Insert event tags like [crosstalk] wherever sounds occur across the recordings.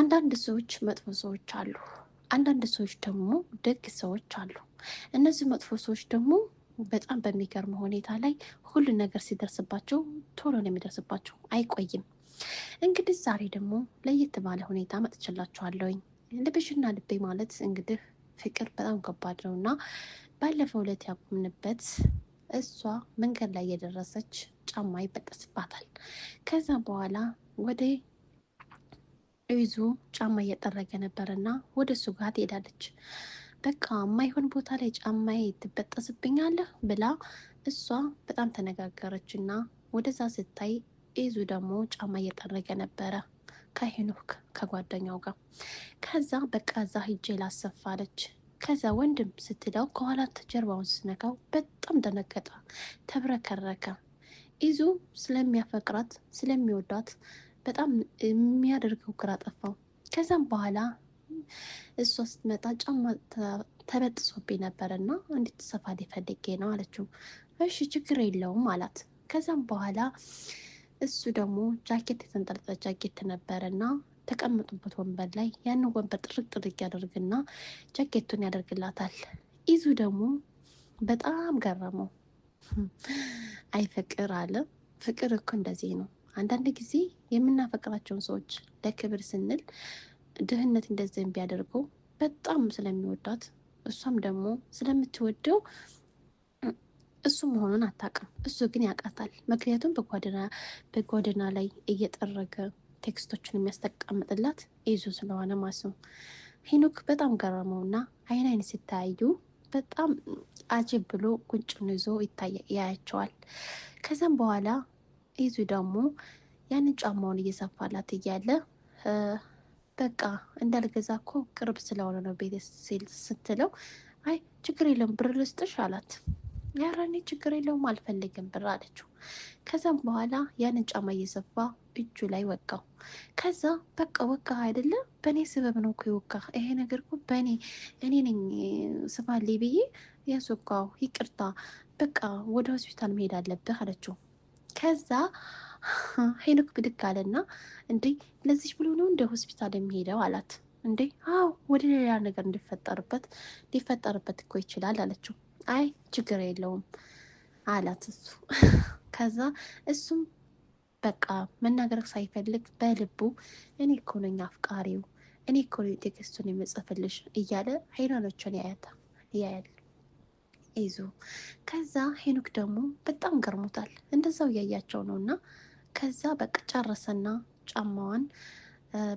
አንዳንድ ሰዎች መጥፎ ሰዎች አሉ። አንዳንድ ሰዎች ደግሞ ደግ ሰዎች አሉ። እነዚህ መጥፎ ሰዎች ደግሞ በጣም በሚገርም ሁኔታ ላይ ሁሉ ነገር ሲደርስባቸው ቶሎ ነው የሚደርስባቸው፣ አይቆይም። እንግዲህ ዛሬ ደግሞ ለየት ባለ ሁኔታ መጥችላችኋለሁኝ። ልብሽና ልቤ ማለት እንግዲህ ፍቅር በጣም ከባድ ነው እና ባለፈው ዕለት ያቆምንበት እሷ መንገድ ላይ የደረሰች ጫማ ይበጠስባታል። ከዛ በኋላ ወደ ይዞ ጫማ እየጠረገ ነበር እና ወደ እሱ ጋር ትሄዳለች። በቃ የማይሆን ቦታ ላይ ጫማዬ ትበጠስብኛለህ ብላ እሷ በጣም ተነጋገረች እና ወደዛ ስታይ ኢዙ ደግሞ ጫማ እየጠረገ ነበረ ከሄኖክ ከጓደኛው ጋር። ከዛ በቃ ዛ ሂጄ ላሰፋለች። ከዛ ወንድም ስትለው ከኋላ ጀርባውን ስነካው በጣም ደነገጠ፣ ተብረከረከ። ኢዙ ስለሚያፈቅራት ስለሚወዳት በጣም የሚያደርገው ግራ ጠፋው። ከዛም በኋላ እሷ ስትመጣ ጫማ ተበጥሶብኝ ነበር እና እንድትሰፋ ፈልጌ ነው አለችው። እሺ ችግር የለውም አላት። ከዛም በኋላ እሱ ደግሞ ጃኬት የተንጠለጠለ ጃኬት ነበረ እና ተቀመጡበት ወንበር ላይ ያንን ወንበር ጥርቅ ጥርቅ ያደርግና ጃኬቱን ያደርግላታል። ኢዙ ደግሞ በጣም ገረመው። [laughs] አይ ፍቅር አለ ፍቅር እኮ እንደዚህ ነው። አንዳንድ ጊዜ የምናፈቅራቸውን ሰዎች ለክብር ስንል ድህነት እንደዚህ ቢያደርገው በጣም ስለሚወዳት እሷም ደግሞ ስለምትወደው እሱ መሆኑን አታውቅም። እሱ ግን ያውቃታል። ምክንያቱም በጎዳና ላይ እየጠረገ ቴክስቶችን የሚያስተቀምጥላት ይዞ ስለሆነ ማለት ነው። ሄኖክ በጣም ገረመውና አይን አይን ሲታያዩ በጣም አጅብ ብሎ ጉንጭን ይዞ ያያቸዋል። ከዚያም በኋላ ኢዙ ደግሞ ያንን ጫማውን እየሰፋላት እያለ በቃ እንዳልገዛ እኮ ቅርብ ስለሆነ ነው ቤት ሲል ስትለው፣ አይ ችግር የለውም ብር ልስጥሽ አላት። ያራኔ ችግር የለውም አልፈልግም ብር አለችው። ከዛም በኋላ ያንን ጫማ እየሰፋ እጁ ላይ ወጋው። ከዛ በቃ ወጋ አይደለ በእኔ ስበብ ነው እኮ የወጋ ይሄ ነገር እኮ በእኔ እኔ ነኝ ስፋሌ ብዬ ያስወጋው፣ ይቅርታ በቃ ወደ ሆስፒታል መሄድ አለብህ አለችው። ከዛ [laughs] ሄኖክ ብድግ አለና እንዴ ለዚች ብሎ ነው እንደ ሆስፒታል የሚሄደው አላት። እንዴ አዎ፣ ወደ ሌላ ነገር እንዲፈጠርበት ሊፈጠርበት እኮ ይችላል አለችው። አይ ችግር የለውም አላት እሱ። [laughs] ከዛ እሱም በቃ መናገር ሳይፈልግ በልቡ እኔ እኮ ነኝ አፍቃሪው፣ እኔ እኮ ቴክስቱን የምጽፍልሽ እያለ ሄኖኖችን ያያታ እያያል ይዞ ከዛ ሄኖክ ደግሞ በጣም ገርሞታል። እንደዛው እያያቸው ነው እና ከዛ በቃ ጨረሰና ጫማዋን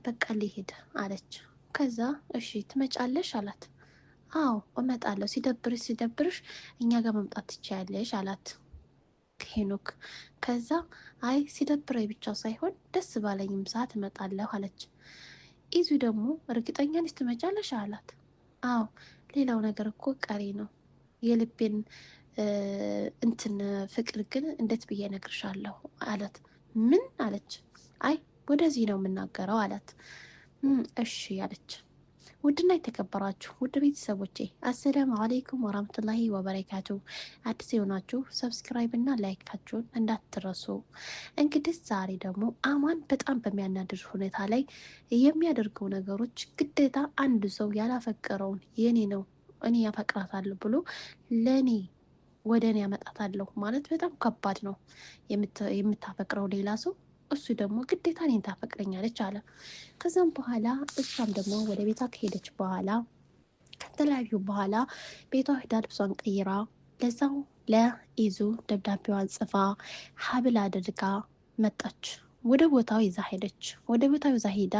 በቃ ሊሄድ አለች። ከዛ እሺ ትመጫለሽ አላት። አዎ እመጣለሁ፣ ሲደብርሽ ሲደብርሽ እኛ ጋር መምጣት ትችያለሽ አላት ሄኖክ። ከዛ አይ ሲደብረኝ ብቻ ሳይሆን ደስ ባለኝም ሰዓት እመጣለሁ አለች። ኢዙ ደግሞ እርግጠኛ ነሽ ትመጫለሽ አላት። አዎ ሌላው ነገር እኮ ቀሪ ነው የልቤን እንትን ፍቅር ግን እንዴት ብዬ ነግርሻለሁ አላት። ምን አለች? አይ ወደዚህ ነው የምናገረው አላት። እሺ አለች። ውድና የተከበራችሁ ውድ ቤተሰቦቼ አሰላሙ አሌይኩም ወራህመቱላሂ ወበረካቱ። አዲስ የሆናችሁ ሰብስክራይብ እና ላይካችሁን እንዳትረሱ። እንግዲህ ዛሬ ደግሞ አማን በጣም በሚያናድር ሁኔታ ላይ የሚያደርገው ነገሮች ግዴታ አንድ ሰው ያላፈቀረውን የኔ ነው እኔ ያፈቅራታለሁ ብሎ ለእኔ ወደ እኔ ያመጣታለሁ ማለት በጣም ከባድ ነው። የምታፈቅረው ሌላ ሰው እሱ ደግሞ ግዴታ እኔን ታፈቅረኛለች አለ። ከዛም በኋላ እሷም ደግሞ ወደ ቤቷ ከሄደች በኋላ ከተለያዩ በኋላ ቤቷ ሂዳ ልብሷን ቀይራ ለዛው ለኢዙ ደብዳቤዋን ጽፋ ሀብል አድርጋ መጣች። ወደ ቦታው ይዛ ሄደች። ወደ ቦታው ይዛ ሄዳ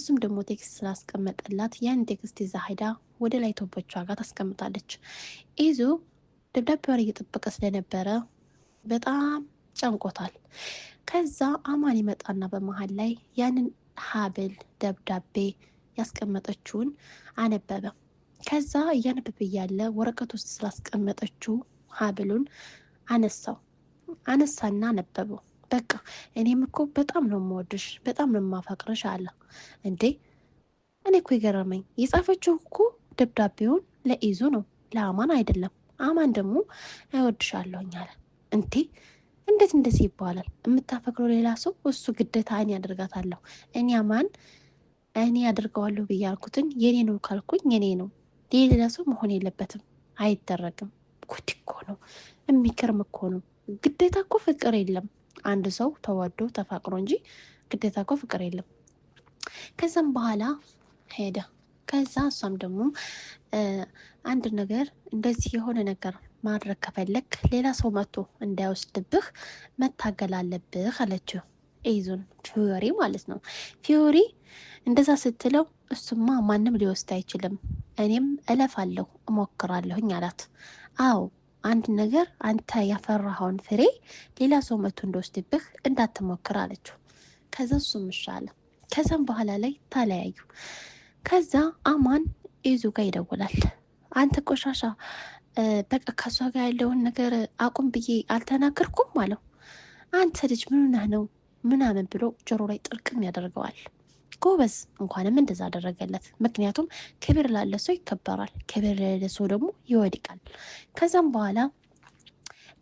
እሱም ደግሞ ቴክስት ስላስቀመጠላት ያን ቴክስት ይዛ ሄዳ ወደ ላይ ቶቦቿ ጋር ታስቀምጣለች። ኢዙ ደብዳቤዋን እየጠበቀ ስለነበረ በጣም ጨንቆታል። ከዛ አማን ይመጣና በመሀል ላይ ያንን ሀብል ደብዳቤ ያስቀመጠችውን አነበበ። ከዛ እያነበበ እያለ ወረቀት ውስጥ ስላስቀመጠችው ሀብሉን አነሳው አነሳና አነበበው። በቃ እኔም እኮ በጣም ነው የምወድሽ በጣም ነው የማፈቅርሽ አለ። እንዴ እኔ እኮ የገረመኝ የጻፈችው እኮ ደብዳቤውን ለኢዙ ነው ለአማን አይደለም። አማን ደግሞ አይወድሻለሁኝ አለ። እንቴ እንዴት እንደዚህ ይባላል? የምታፈቅረው ሌላ ሰው እሱ ግዴታ እኔ አደርጋታለሁ እኔ አማን እኔ አድርገዋለሁ ብዬ የኔ ነው ካልኩኝ የኔ ነው፣ ሌላ ሰው መሆን የለበትም። አይደረግም። ጉድ እኮ ነው። የሚገርም እኮ ነው። ግዴታ እኮ ፍቅር የለም። አንድ ሰው ተዋዶ ተፋቅሮ እንጂ ግዴታ እኮ ፍቅር የለም። ከዛም በኋላ ሄደ። ከዛ እሷም ደግሞ አንድ ነገር እንደዚህ የሆነ ነገር ማድረግ ከፈለግ ሌላ ሰው መጥቶ እንዳይወስድብህ መታገል አለብህ አለችው። ኤይዞን ፊዮሪ ማለት ነው። ፊዮሪ እንደዛ ስትለው እሱማ ማንም ሊወስድ አይችልም፣ እኔም እለፋለሁ እሞክራለሁኝ አላት። አዎ አንድ ነገር አንተ ያፈራኸውን ፍሬ ሌላ ሰው መቶ እንደወስድብህ እንዳትሞክር አለችው። ከዛ እሱም እሺ አለ። ከዛም በኋላ ላይ ተለያዩ። ከዛ አማን ኢዙ ጋር ይደውላል። አንተ ቆሻሻ በቃ ከሷ ጋር ያለውን ነገር አቁም ብዬ አልተናገርኩም አለው። አንተ ልጅ ምንና ነው ምናምን ብሎ ጆሮ ላይ ጥርቅም ያደርገዋል። ጎበዝ እንኳንም እንደዛ አደረገለት። ምክንያቱም ክብር ላለ ሰው ይከበራል፣ ክብር ለሌለ ሰው ደግሞ ይወድቃል። ከዛም በኋላ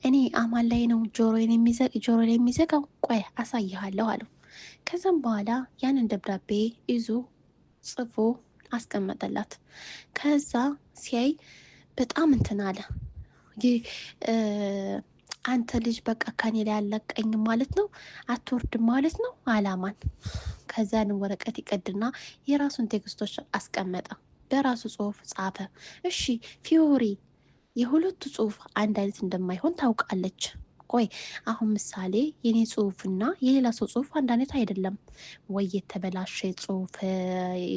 እኔ አማን ላይ ነው ጆሮ ላይ የሚዘጋው ቆይ አሳይሃለሁ አለው። ከዛም በኋላ ያንን ደብዳቤ ይዞ ጽፎ አስቀመጠላት። ከዛ ሲያይ በጣም እንትን አለ። አንተ ልጅ በቃ ከኔ ላይ አለቀኝም ማለት ነው፣ አትወርድም ማለት ነው አላማን። ከዚያንም ወረቀት ይቀድና የራሱን ቴክስቶች አስቀመጠ፣ በራሱ ጽሁፍ ጻፈ። እሺ ፊዮሪ የሁለቱ ጽሁፍ አንድ አይነት እንደማይሆን ታውቃለች። ቆይ አሁን ምሳሌ የኔ ጽሁፍና የሌላ ሰው ጽሁፍ አንድ አይነት አይደለም ወይ? የተበላሸ ጽሁፍ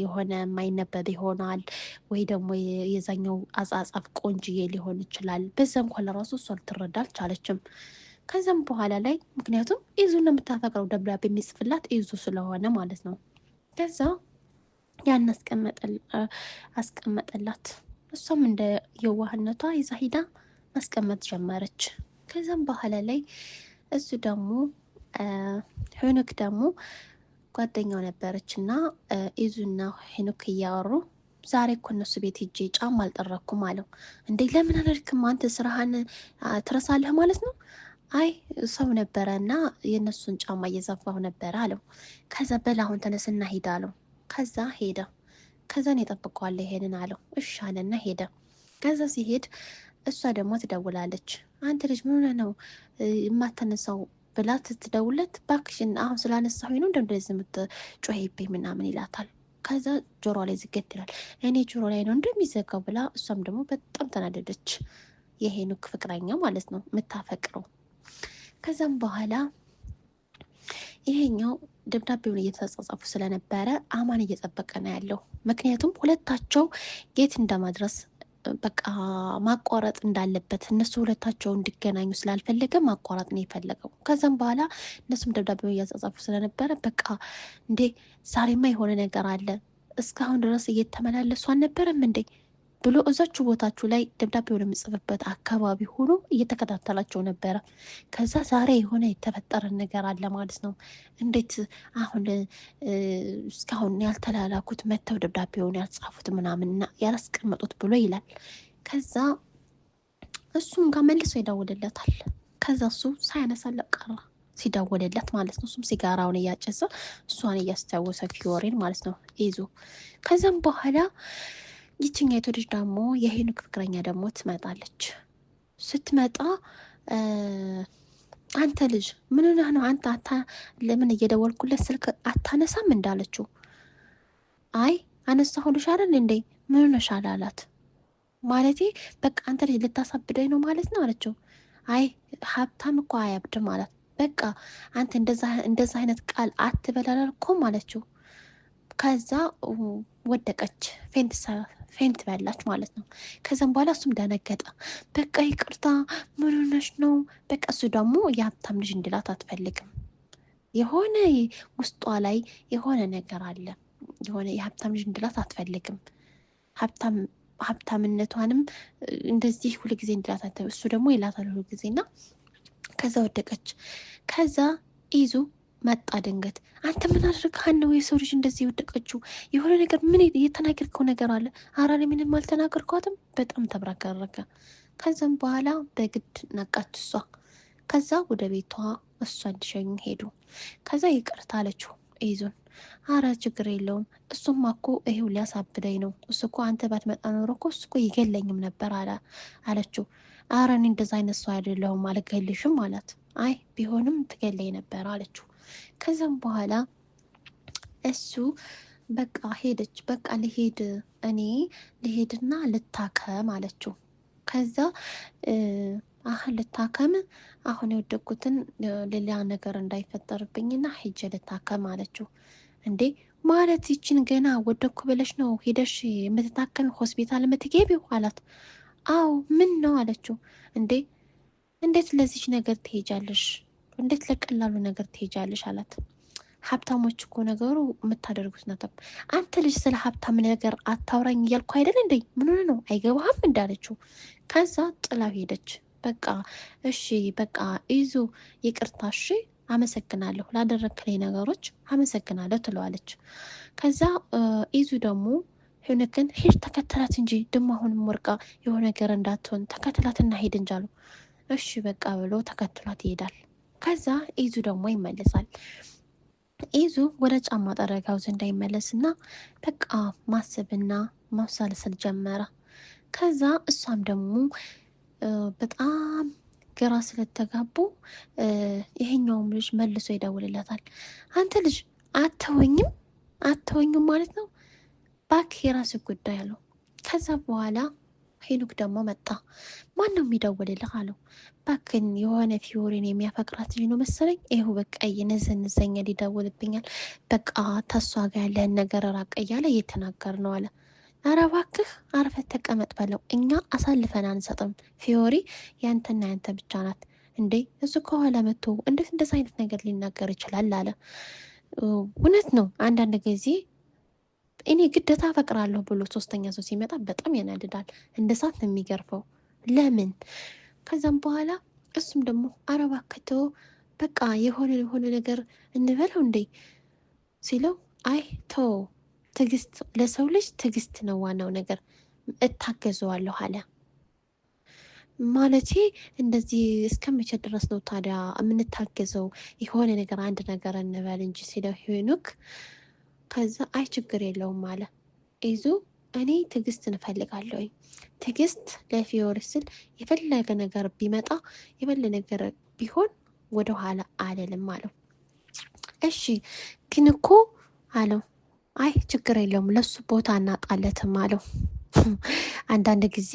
የሆነ የማይነበብ ይሆናል ወይ ደግሞ የዛኛው አጻጻፍ ቆንጅዬ ሊሆን ይችላል። በዛ እንኳን ለራሱ እሷ ልትረዳ አልቻለችም። ከዚም በኋላ ላይ ምክንያቱም ኢዙን የምታፈቅረው ደብዳቤ የሚጽፍላት ኢዙ ስለሆነ ማለት ነው። ከዛ ያን አስቀመጠላት። እሷም እንደ የዋህነቷ ይዛ ሂዳ ማስቀመጥ ጀመረች። ከዛም በኋላ ላይ እሱ ደግሞ ሄኖክ ደግሞ ጓደኛው ነበረች እና ኢዙና ሄኖክ እያወሩ ዛሬ እኮ እነሱ ቤት ሄጄ ጫማ አልጠረኩም አለው። እንዴ ለምን አደርክም አንተ ስራህን ትረሳለህ ማለት ነው? አይ ሰው ነበረ እና የእነሱን ጫማ እየዘፋሁ ነበረ አለው። ከዛ በል አሁን ተነስና ሂድ አለው። ከዛ ሄደ። ከዛን የጠብቀዋለ ይሄንን አለው። እሻለና ሄደ። ከዛ ሲሄድ እሷ ደግሞ ትደውላለች። አንተ ልጅ ምን ሆነህ ነው የማታነሳው ብላ ትደውለት ባክሽን፣ አሁን ስላነሳሁ ነው እንደ እንደዚህ የምትጮሄብኝ ምናምን ይላታል። ከዛ ጆሮ ላይ ዝገት ይላል። እኔ ጆሮ ላይ ነው እንደሚዘጋው ብላ እሷም ደግሞ በጣም ተናደደች። የሄኖክ ፍቅረኛ ማለት ነው የምታፈቅረው። ከዛም በኋላ ይሄኛው ደብዳቤውን እየተጻጻፉ ስለነበረ አማን እየጠበቀ ነው ያለው። ምክንያቱም ሁለታቸው የት እንደማድረስ በቃ ማቋረጥ እንዳለበት እነሱ ሁለታቸው እንዲገናኙ ስላልፈለገ ማቋረጥ ነው የፈለገው። ከዛም በኋላ እነሱም ደብዳቤ እያጻጻፉ ስለነበረ በቃ እንዴ ዛሬማ የሆነ ነገር አለ እስካሁን ድረስ እየተመላለሱ አልነበረም እንዴ ብሎ እዛችሁ ቦታችሁ ላይ ደብዳቤ ወደምጽፍበት አካባቢ ሆኖ እየተከታተላቸው ነበረ። ከዛ ዛሬ የሆነ የተፈጠረ ነገር አለ ማለት ነው። እንዴት አሁን እስካሁን ያልተላላኩት መተው ደብዳቤውን ያልጻፉት ምናምንና ያላስቀመጡት ብሎ ይላል። ከዛ እሱም ጋር መልሶ ይደውልለታል። ከዛ እሱ ሳያነሳለ ቀራ ሲደወልለት ማለት ነው። እሱም ሲጋራውን እያጨሰ እሷን እያስታወሰ ፊዮሬን ማለት ነው ይዞ ከዛም በኋላ ይችኛይቱ ልጅ ደግሞ የሄኖክ ፍቅረኛ ደግሞ ትመጣለች። ስትመጣ አንተ ልጅ ምን ሆነህ ነው አንተ አታ ለምን እየደወልኩለት ስልክ አታነሳም? እንዳለችው አይ አነሳሁልሽ አይደል እንዴ ምን ሆነሻል አላላት ማለት በቃ አንተ ልጅ ልታሳብደኝ ነው ማለት ነው አለችው። አይ ሀብታም እኮ አያብድም ማለት በቃ አንተ እንደዛ አይነት ቃል አትበላላልኮም አለችው። ከዛ ወደቀች ፌንት ፌንት በላች ማለት ነው። ከዚም በኋላ እሱም ደነገጠ። በቃ ይቅርታ ምን ሆነሽ ነው? በቃ እሱ ደግሞ የሀብታም ልጅ እንድላት አትፈልግም። የሆነ ውስጧ ላይ የሆነ ነገር አለ። የሆነ የሀብታም ልጅ እንድላት አትፈልግም። ሀብታም ሀብታምነቷንም እንደዚህ ሁልጊዜ እንድላት እሱ ደግሞ ይላታል እና ከዛ ወደቀች። ከዛ ይዙ መጣ ድንገት። አንተ ምን አድርገሃል ነው የሰው ልጅ እንደዚህ የወደቀችው? የሆነ ነገር ምን እየተናገርከው ነገር አለ? አራሪ ምንም አልተናገርኳትም። በጣም ተብረከረከ። ከዚም በኋላ በግድ ነቃች እሷ። ከዛ ወደ ቤቷ እሷ እንዲሸኙ ሄዱ። ከዛ ይቅርታ አለችው ይዞን አረ ችግር የለውም እሱማ እኮ ይሄው ሊያሳብደኝ ነው። እሱ እኮ አንተ ባትመጣ ኖሮ እኮ እሱ እኮ ይገለኝም ነበር አለችው። አረ እኔ እንደዛ አይነት ሰው አይደለሁም አልገልሽም አላት። አይ ቢሆንም ትገለኝ ነበር አለችው። ከዛም በኋላ እሱ በቃ ሄደች፣ በቃ ልሄድ እኔ ልሄድና ልታከም አለችው። ከዛ አሁን ልታከም አሁን የወደኩትን ሌላ ነገር እንዳይፈጠርብኝና ሂጄ ልታከም አለችው። እንዴ ማለት ይችን ገና ወደኩ ብለሽ ነው ሄደሽ የምትታከም ሆስፒታል የምትገቢው አላት። አዎ ምን ነው አለችው። እንዴ እንዴት ለዚች ነገር ትሄጃለሽ? እንዴት ለቀላሉ ነገር ትሄጃለሽ አላት። ሀብታሞች እኮ ነገሩ የምታደርጉት ነበር። አንተ ልጅ ስለ ሀብታም ነገር አታውራኝ እያልኩ አይደል እንዴ? ምን ነው አይገባህም? እንዳለችው ከዛ ጥላው ሄደች። በቃ እሺ፣ በቃ ይዞ ይቅርታ፣ እሺ አመሰግናለሁ፣ ላደረክልኝ ነገሮች አመሰግናለሁ ትለዋለች። ከዛ ይዙ ደግሞ ሁንክን ሄድ ተከተላት እንጂ ድሞ አሁንም ወርቃ የሆነ ነገር እንዳትሆን ተከተላትና ሄድ እንጃሉ። እሺ በቃ ብሎ ተከትሏት ይሄዳል። ከዛ ኢዙ ደግሞ ይመለሳል። ኢዙ ወደ ጫማ ጠረጋው ና በቃ ማሰብና ማብሰልሰል ጀመረ። ከዛ እሷም ደግሞ በጣም ግራ ስለተጋቡ ይሄኛውም ልጅ መልሶ ይደውልለታል። አንተ ልጅ አተወኝም አተወኝም ማለት ነው ባክ የራስ ጉዳይ አለው። ከዛ በኋላ ሄኖክ ደግሞ መጣ። ማን ነው የሚደውልልህ አለው። ባክን የሆነ ፊዮሪን የሚያፈቅራት ልጅ ነው መሰለኝ። ይኸው በቃ እየነዘንዘኛል፣ ሊደውልብኛል። በቃ ተሷ ጋ ያለህን ነገር ራቅ እያለ እየተናገር ነው አለ። ኧረ እባክህ አርፈህ ተቀመጥ በለው። እኛ አሳልፈን አንሰጥም። ፊዮሪ ያንተና ያንተ ብቻ ናት። እንዴ እሱ ከኋላ መቶ እንዴት እንደዚ አይነት ነገር ሊናገር ይችላል አለ። እውነት ነው አንዳንድ ጊዜ እኔ ግደታ ፈቅራለሁ ብሎ ሶስተኛ ሰው ሲመጣ በጣም ያናድዳል። እንደ ሳት ነው የሚገርፈው። ለምን ከዛም በኋላ እሱም ደግሞ አረባ ከተው በቃ የሆነ የሆነ ነገር እንበለው እንዴ ሲለው አይ ቶ ትግስት ለሰው ልጅ ትግስት ነው ዋናው ነገር እታገዘዋለሁ አለ። ማለቴ እንደዚህ እስከመቼ ድረስ ነው ታዲያ የምንታገዘው? የሆነ ነገር አንድ ነገር እንበል እንጂ ሲለው ሄኖክ ከዛ አይ ችግር የለውም አለ ይዞ እኔ ትዕግስት እንፈልጋለሁ። ትዕግስት ለፊዮሪ ስል የፈለገ ነገር ቢመጣ የፈለ ነገር ቢሆን ወደኋላ አልልም አለው። እሺ ግን እኮ አለው። አይ ችግር የለውም ለሱ ቦታ እናጣለትም አለው። አንዳንድ ጊዜ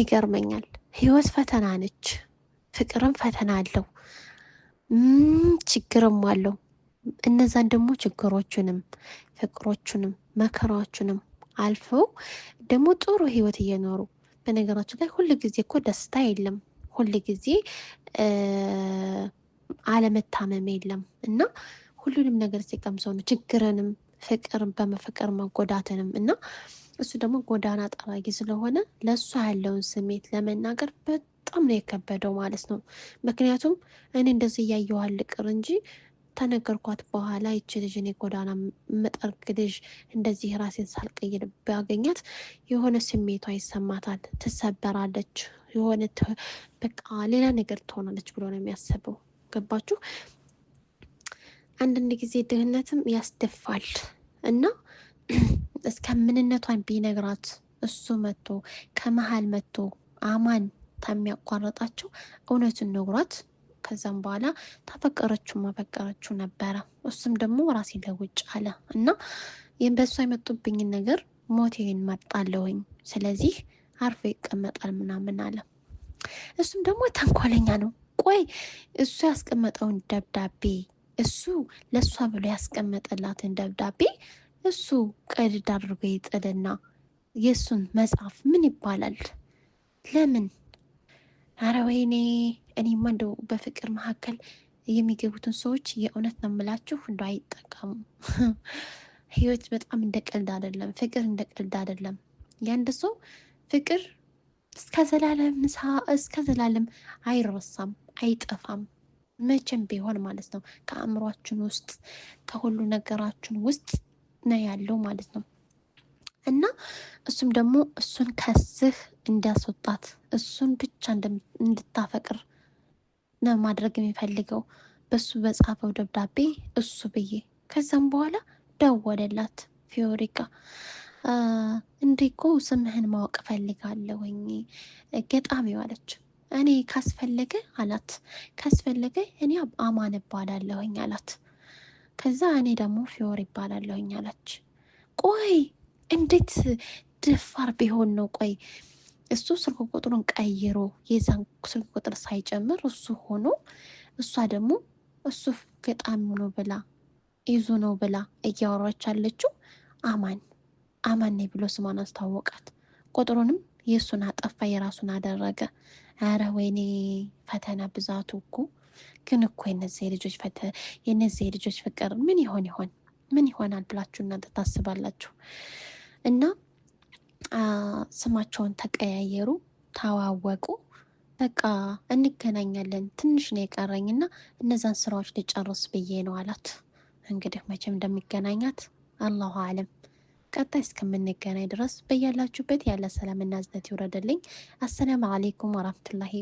ይገርመኛል። ህይወት ፈተና ነች። ፍቅርም ፈተና አለው፣ ችግርም አለው። እነዛን ደግሞ ችግሮቹንም ፍቅሮቹንም መከራዎቹንም አልፈው ደግሞ ጥሩ ህይወት እየኖሩ በነገራችን ላይ ሁል ጊዜ እኮ ደስታ የለም። ሁል ጊዜ አለመታመም የለም እና ሁሉንም ነገር ሲቀምሰው ነው ችግርንም ፍቅር በመፍቅር መጎዳትንም እና እሱ ደግሞ ጎዳና ጠራጊ ስለሆነ ለእሷ ያለውን ስሜት ለመናገር በጣም ነው የከበደው ማለት ነው። ምክንያቱም እኔ እንደዚህ እያየኋል ቅር እንጂ ተነገርኳት በኋላ ይች ልጅ እኔ ጎዳና መጠርግ ልጅ እንደዚህ ራሴን ሳልቀይር ባገኛት የሆነ ስሜቷ ይሰማታል፣ ትሰበራለች፣ የሆነ በቃ ሌላ ነገር ትሆናለች ብሎ ነው የሚያስበው። ገባችሁ? አንዳንድ ጊዜ ድህነትም ያስደፋል እና [clears throat] እስከ ምንነቷን ቢነግራት እሱ መጥቶ ከመሀል መጥቶ አማን ታሚያቋረጣቸው እውነቱን ነግሯት ከዛም በኋላ ታፈቀረችው ማፈቀረችው ነበረ። እሱም ደግሞ ራሴ ለውጭ አለ እና በእሷ የመጡብኝን ነገር ሞቴን መርጣለሁኝ፣ ስለዚህ አርፎ ይቀመጣል ምናምን አለ። እሱም ደግሞ ተንኮለኛ ነው። ቆይ እሱ ያስቀመጠውን ደብዳቤ እሱ ለእሷ ብሎ ያስቀመጠላትን ደብዳቤ እሱ ቀድድ አድርጎ ይጥልና የእሱን መጽሐፍ ምን ይባላል? ለምን አረ ወይኔ እኔማ እንደው በፍቅር መካከል የሚገቡትን ሰዎች የእውነት ነው የምላችሁ እንደ አይጠቀሙ። [laughs] ህይወት በጣም እንደ ቀልድ አይደለም። ፍቅር እንደ ቀልድ አይደለም። የአንድ ሰው ፍቅር እስከ ዘላለም እስከ ዘላለም አይረሳም፣ አይጠፋም መቼም ቢሆን ማለት ነው። ከአእምሯችን ውስጥ ከሁሉ ነገራችን ውስጥ ነው ያለው ማለት ነው። እና እሱም ደግሞ እሱን ከስህ እንዲያስወጣት እሱን ብቻ እንድታፈቅር ነው ማድረግ የሚፈልገው በሱ በጻፈው ደብዳቤ እሱ ብዬ። ከዛም በኋላ ደወለላት ፊዮሪካ እንዴ እኮ ስምህን ማወቅ ፈልጋለሁኝ ገጣሚ አለች። እኔ ካስፈለገ አላት ካስፈለገ እኔ አማን እባላለሁኝ አላት። ከዛ እኔ ደግሞ ፊዮር ይባላለሁኝ አለች። ቆይ እንዴት ደፋር ቢሆን ነው? ቆይ እሱ ስልክ ቁጥሩን ቀይሮ የዛን ስልክ ቁጥር ሳይጨምር እሱ ሆኖ እሷ ደግሞ እሱ ገጣሚ ነው ብላ ይዞ ነው ብላ እያወራች ያለችው አማን አማን ነኝ ብሎ ስሟን አስታወቃት። ቁጥሩንም የእሱን አጠፋ፣ የራሱን አደረገ። አረ ወይኔ ፈተና ብዛቱ እኮ ግን እኮ የነዚህ ልጆች ፈተ የነዚህ ልጆች ፍቅር ምን ይሆን ይሆን ምን ይሆናል ብላችሁ እናንተ ታስባላችሁ? እና ስማቸውን ተቀያየሩ፣ ተዋወቁ። በቃ እንገናኛለን ትንሽ ነው የቀረኝ እና እነዛን ስራዎች ልጨርስ ብዬ ነው አላት። እንግዲህ መቼም እንደሚገናኛት አላሁ አለም። ቀጣይ እስከምንገናኝ ድረስ በያላችሁበት ያለ ሰላምና እዝነት ይውረድልኝ። አሰላሙ አሌይኩም ወራህመቱላሂ